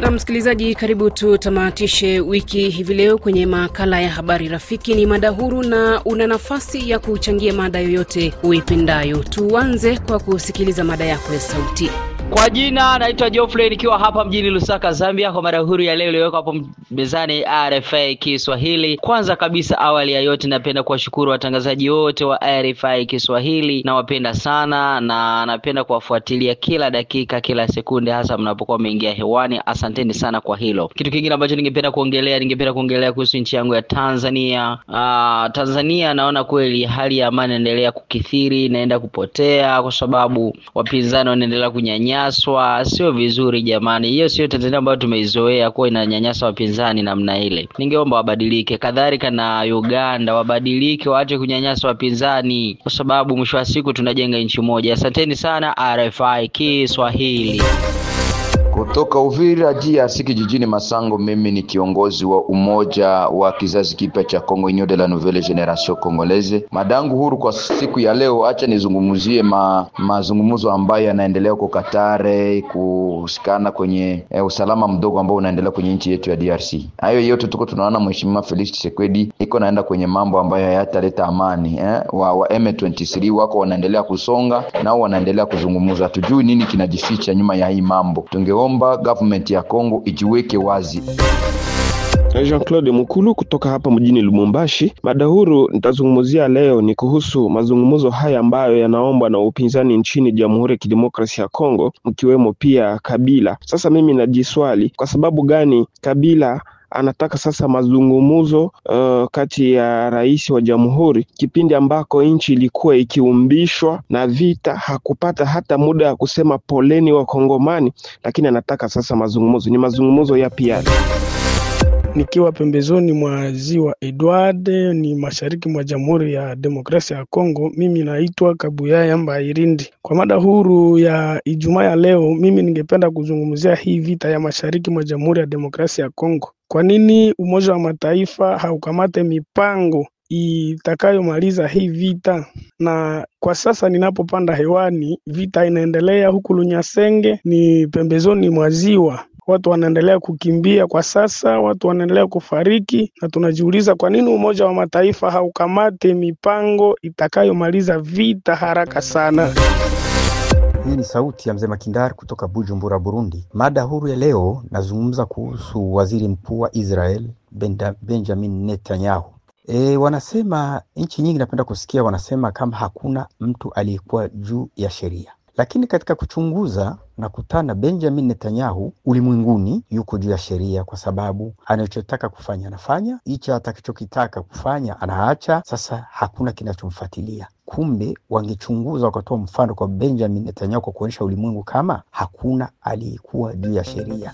Na msikilizaji, karibu tutamatishe wiki hivi leo kwenye makala ya habari rafiki. Ni mada huru na una nafasi ya kuchangia mada yoyote uipendayo. Tuanze kwa kusikiliza mada yako ya sauti. Kwa jina naitwa Geoffrey nikiwa hapa mjini Lusaka, Zambia, kwa mada huru ya leo iliyowekwa hapo mezani RFI Kiswahili. Kwanza kabisa, awali ya yote, napenda kuwashukuru watangazaji wote wa RFI Kiswahili, nawapenda sana na napenda kuwafuatilia kila dakika, kila sekunde, hasa mnapokuwa mmeingia hewani. Asanteni sana kwa hilo. Kitu kingine ambacho ningependa kuongelea, ningependa kuongelea kuhusu nchi yangu ya Tanzania. Aa, ah, Tanzania naona kweli hali ya amani inaendelea kukithiri, inaenda kupotea kwa sababu wapinzani wanaendelea kunyanya kunyanyaswa sio vizuri jamani. Hiyo sio Tanzania ambayo tumeizoea kuwa inanyanyasa wapinzani namna ile. Ningeomba wabadilike, kadhalika na Uganda wabadilike, waache kunyanyasa wapinzani, kwa sababu mwisho wa siku tunajenga nchi moja. Asanteni sana RFI Kiswahili. Kutoka Uvira DRC kijijini Masango, mimi ni kiongozi wa umoja wa kizazi kipya cha Kongo, Union de la Nouvelle Generation Congolaise. Madangu huru kwa siku ya leo, acha nizungumzie ma, mazungumzo ambayo yanaendelea huko Katare kuhusikana kwenye eh, usalama mdogo ambao unaendelea kwenye nchi yetu ya DRC. Hayo yote tuko tunaona Mheshimiwa Felix Tshisekedi iko naenda kwenye mambo ambayo hayataleta amani eh. Wa, wa M23 wako wanaendelea kusonga nao wanaendelea kuzungumza, tujui nini kinajificha nyuma ya hii mambo Tunge tuliomba government ya Kongo ijiweke wazi. Jean-Claude Mukulu kutoka hapa mjini Lumumbashi. Mada huru nitazungumzia leo ni kuhusu mazungumzo haya ambayo yanaombwa na upinzani nchini Jamhuri ya Kidemokrasia ya Kongo, mkiwemo pia Kabila. Sasa mimi najiswali kwa sababu gani Kabila anataka sasa mazungumzo uh, kati ya rais wa jamhuri, kipindi ambako nchi ilikuwa ikiumbishwa na vita, hakupata hata muda ya kusema poleni Wakongomani, lakini anataka sasa mazungumzo. Ni mazungumzo yapi yale? Nikiwa pembezoni mwa ziwa Edward ni mashariki mwa Jamhuri ya Demokrasia ya Kongo. Mimi naitwa Kabuyaya Mbairindi. Kwa mada huru ya Ijumaa ya leo, mimi ningependa kuzungumzia hii vita ya mashariki mwa Jamhuri ya Demokrasia ya Kongo. Kwa nini Umoja wa Mataifa haukamate mipango itakayomaliza hii vita? Na kwa sasa ninapopanda hewani, vita inaendelea huku Lunyasenge, ni pembezoni mwa ziwa. Watu wanaendelea kukimbia kwa sasa, watu wanaendelea kufariki, na tunajiuliza kwa nini Umoja wa Mataifa haukamate mipango itakayomaliza vita haraka sana. Hii ni sauti ya mzee Makindari kutoka Bujumbura, Burundi. Mada huru ya leo nazungumza kuhusu waziri mkuu wa Israel Benda, Benjamin Netanyahu. E, wanasema nchi nyingi, napenda kusikia wanasema kama hakuna mtu aliyekuwa juu ya sheria, lakini katika kuchunguza nakutana Benjamin Netanyahu ulimwenguni yuko juu ya sheria, kwa sababu anachotaka kufanya anafanya, hicha atakichokitaka kufanya anaacha. Sasa hakuna kinachomfuatilia. Kumbe wangechunguza wakatoa mfano kwa Benjamin Netanyahu kwa kuonyesha ulimwengu kama hakuna aliyekuwa juu ya sheria.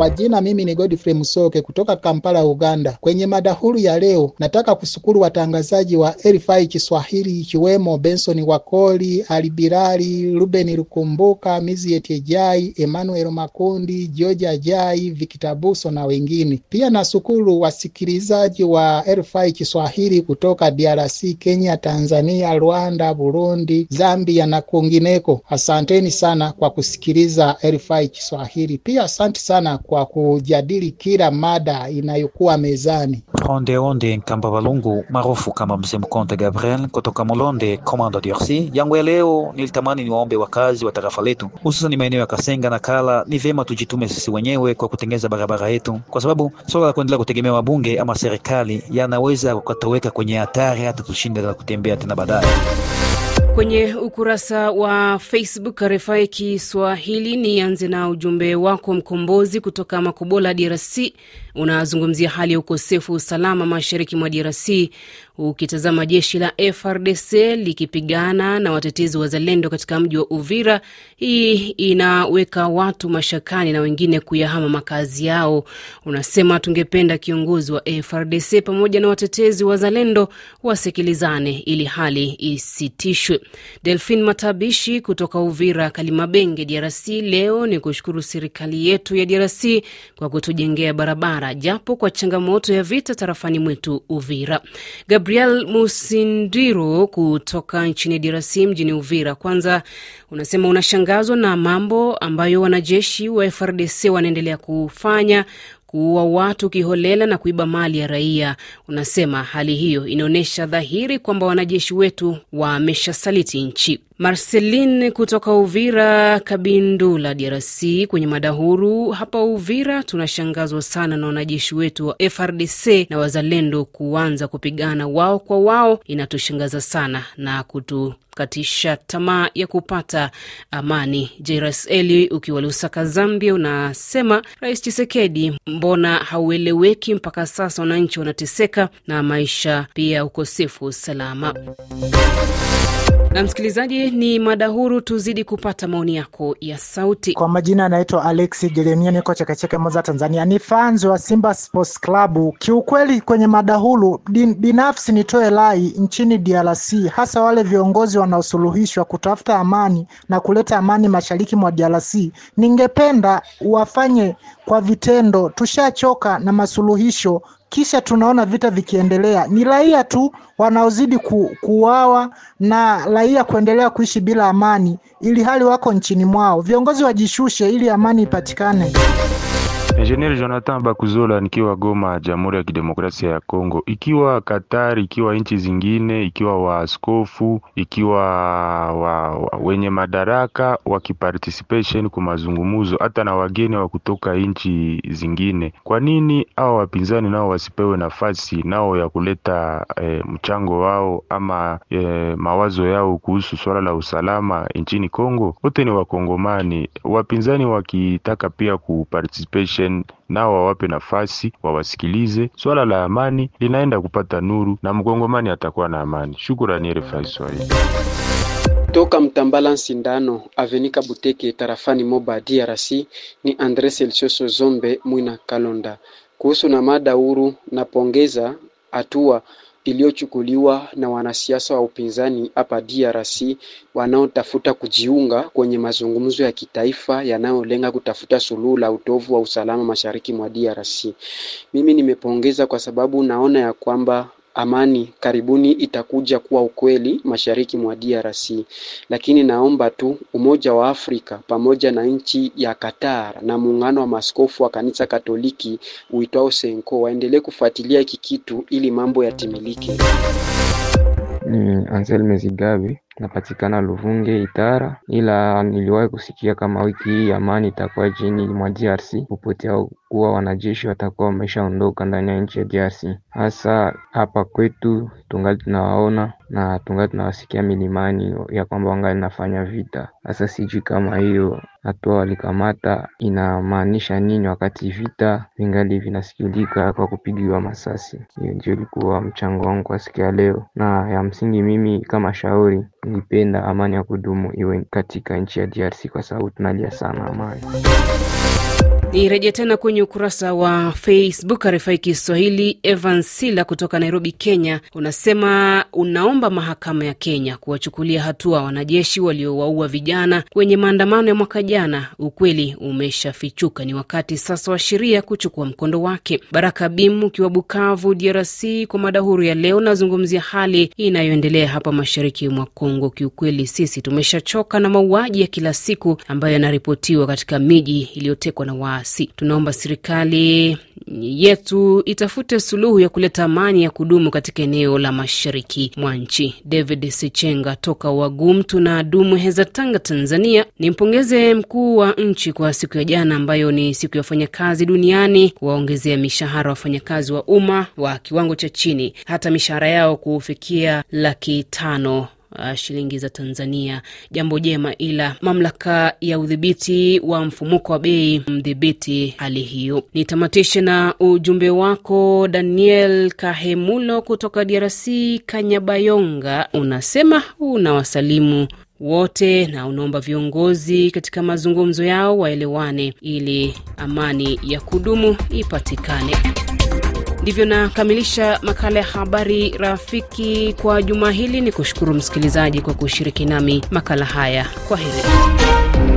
Kwa jina mimi ni Godfrey Musoke kutoka Kampala, Uganda. Kwenye mada huru ya leo, nataka kushukuru watangazaji wa RFI Kiswahili ikiwemo Benson Wakoli, Alibirali, Ruben Lukumbuka, Miziet Ejai, Emmanuel Makundi, George Ajai, Victor Buso na wengine. Pia nashukuru wasikilizaji wa RFI Kiswahili kutoka DRC, Kenya, Tanzania, Rwanda, Burundi, Zambia na kwingineko. Asanteni sana kwa kusikiliza RFI Kiswahili. Pia asante sana kwa kujadili kila mada inayokuwa mezani. Ronde Onde Nkamba Balungu maarufu kama Mzee Mkonte Gabriel kutoka Molonde, Komando DRC. Yangu ya leo nilitamani niwaombe wakazi wa tarafa letu, hususan maeneo ya Kasenga na Kala, ni vyema tujitume sisi wenyewe kwa kutengeza barabara yetu, kwa sababu swala la kuendelea kutegemea wabunge ama serikali yanaweza kukatoweka kwenye hatari, hata tushinde na kutembea tena baadaye. Kwenye ukurasa wa Facebook RFI Kiswahili, nianze na ujumbe wako Mkombozi kutoka Makobola, DRC. Unazungumzia hali ya ukosefu usalama mashariki mwa DRC, ukitazama jeshi la FRDC likipigana na watetezi wazalendo katika mji wa Uvira. Hii inaweka watu mashakani na wengine kuyahama makazi yao. Unasema tungependa kiongozi wa FRDC pamoja na watetezi wazalendo wasikilizane ili hali isitishwe. Sahel. Delfin Matabishi kutoka Uvira Kalimabenge, DRC. Leo ni kushukuru serikali yetu ya DRC kwa kutujengea barabara japo kwa changamoto ya vita tarafani mwetu Uvira. Gabriel Musindiro kutoka nchini DRC mjini Uvira, kwanza unasema unashangazwa na mambo ambayo wanajeshi wa FRDC wanaendelea kufanya kuua watu kiholela na kuiba mali ya raia. Unasema hali hiyo inaonyesha dhahiri kwamba wanajeshi wetu wameshasaliti nchi marselin kutoka Uvira Kabindula, DRC, kwenye mada huru. Hapa Uvira tunashangazwa sana na wanajeshi wetu wa FRDC na wazalendo kuanza kupigana wao kwa wao, inatushangaza sana na kutukatisha tamaa ya kupata amani. Jairus Eli ukiwa Lusaka, Zambia, unasema Rais Chisekedi, mbona haueleweki mpaka sasa? Wananchi wanateseka na maisha, pia ukosefu wa usalama na msikilizaji ni mada huru, tuzidi kupata maoni yako ya sauti. Kwa majina anaitwa Alexi Jeremia, niko Chekecheke, Moza, Tanzania. Ni fans wa Simba Sports Club. Kiukweli kwenye mada huru binafsi nitoe lai nchini DRC, hasa wale viongozi wanaosuluhishwa kutafuta amani na kuleta amani mashariki mwa DRC. Ningependa wafanye kwa vitendo, tushachoka na masuluhisho kisha tunaona vita vikiendelea. Ni raia tu wanaozidi ku, kuwawa na raia kuendelea kuishi bila amani, ili hali wako nchini mwao. Viongozi wajishushe ili amani ipatikane. Engineer Jonathan Bakuzola nikiwa Goma, Jamhuri ya Kidemokrasia ya Kongo, ikiwa Qatar, ikiwa nchi zingine, ikiwa waaskofu, ikiwa wa, wa, wenye madaraka wakiparticipation kwa mazungumzo hata na wageni wa kutoka nchi zingine, kwa nini hao wapinzani nao wasipewe nafasi nao ya kuleta eh, mchango wao ama eh, mawazo yao kuhusu swala la usalama nchini Kongo? Wote ni Wakongomani, wapinzani wakitaka pia kuparticipation Ukraine nao wawape nafasi wawasikilize. Swala la amani linaenda kupata nuru na mkongomani atakuwa na amani. Shukrani RFI Swahili toka Mtambala Sindano Avenika Buteke tarafani Moba DRC. Ni Andre Celsioso Zombe Mwina Kalonda kuhusu na mada huru na pongeza hatua iliyochukuliwa na wanasiasa wa upinzani hapa DRC wanaotafuta kujiunga kwenye mazungumzo ya kitaifa yanayolenga kutafuta suluhu la utovu wa usalama mashariki mwa DRC. Mimi nimepongeza kwa sababu naona ya kwamba amani karibuni itakuja kuwa ukweli mashariki mwa DRC, lakini naomba tu Umoja wa Afrika pamoja na nchi ya Qatar na muungano wa maskofu wa kanisa Katoliki uitwao Senko waendelee kufuatilia hiki kitu ili mambo yatimilike. Ni Anselme Zigabe napatikana Luvunge Itara ila niliwahi kusikia kama wiki hii amani itakuwa chini mwa DRC kupotea kuwa wanajeshi watakuwa wameshaondoka ndani ya nchi ya DRC. Hasa hapa kwetu tungali tunawaona na tungali tunawasikia milimani ya kwamba wangali nafanya vita. Sasa sijui kama hiyo hatua walikamata inamaanisha nini wakati vita vingali vinasikilika kwa kupigiwa masasi. Hiyo ndio ilikuwa mchango wangu kwa siku ya leo, na ya msingi mimi kama shauri nilipenda amani ya kudumu iwe katika nchi ya DRC kwa sababu tunalia sana amani. Nirejea tena kwenye ukurasa wa Facebook RFI Kiswahili. Evan Sila kutoka Nairobi, Kenya, unasema unaomba mahakama ya Kenya kuwachukulia hatua wanajeshi waliowaua vijana kwenye maandamano ya mwaka jana, ukweli umeshafichuka. Ni wakati sasa wa sheria kuchukua mkondo wake. Baraka Bimu ukiwa Bukavu, DRC, kwa madahuru ya leo nazungumzia hali inayoendelea hapa mashariki mwa Kongo. Kiukweli sisi tumeshachoka na mauaji ya kila siku ambayo yanaripotiwa katika miji iliyotekwa na waasi. Tunaomba serikali yetu itafute suluhu ya kuleta amani ya kudumu katika eneo la mashariki mwa nchi. David Sechenga toka Wagumtu na dumu Tanga, Tanzania, nimpongeze mkuu wa nchi kwa siku ya jana ambayo ni siku ya wafanyakazi duniani kuwaongezea mishahara wafanyakazi wa umma wa kiwango cha chini hata mishahara yao kufikia laki tano Uh, shilingi za Tanzania. Jambo jema, ila mamlaka ya udhibiti wa mfumuko wa bei mdhibiti hali hiyo. Nitamatishe na ujumbe wako Daniel Kahemulo kutoka DRC, Kanyabayonga, unasema unawasalimu wote na unaomba viongozi katika mazungumzo yao waelewane ili amani ya kudumu ipatikane. Ndivyo nakamilisha makala ya habari rafiki kwa juma hili. Ni kushukuru msikilizaji kwa kushiriki nami makala haya. Kwa heri.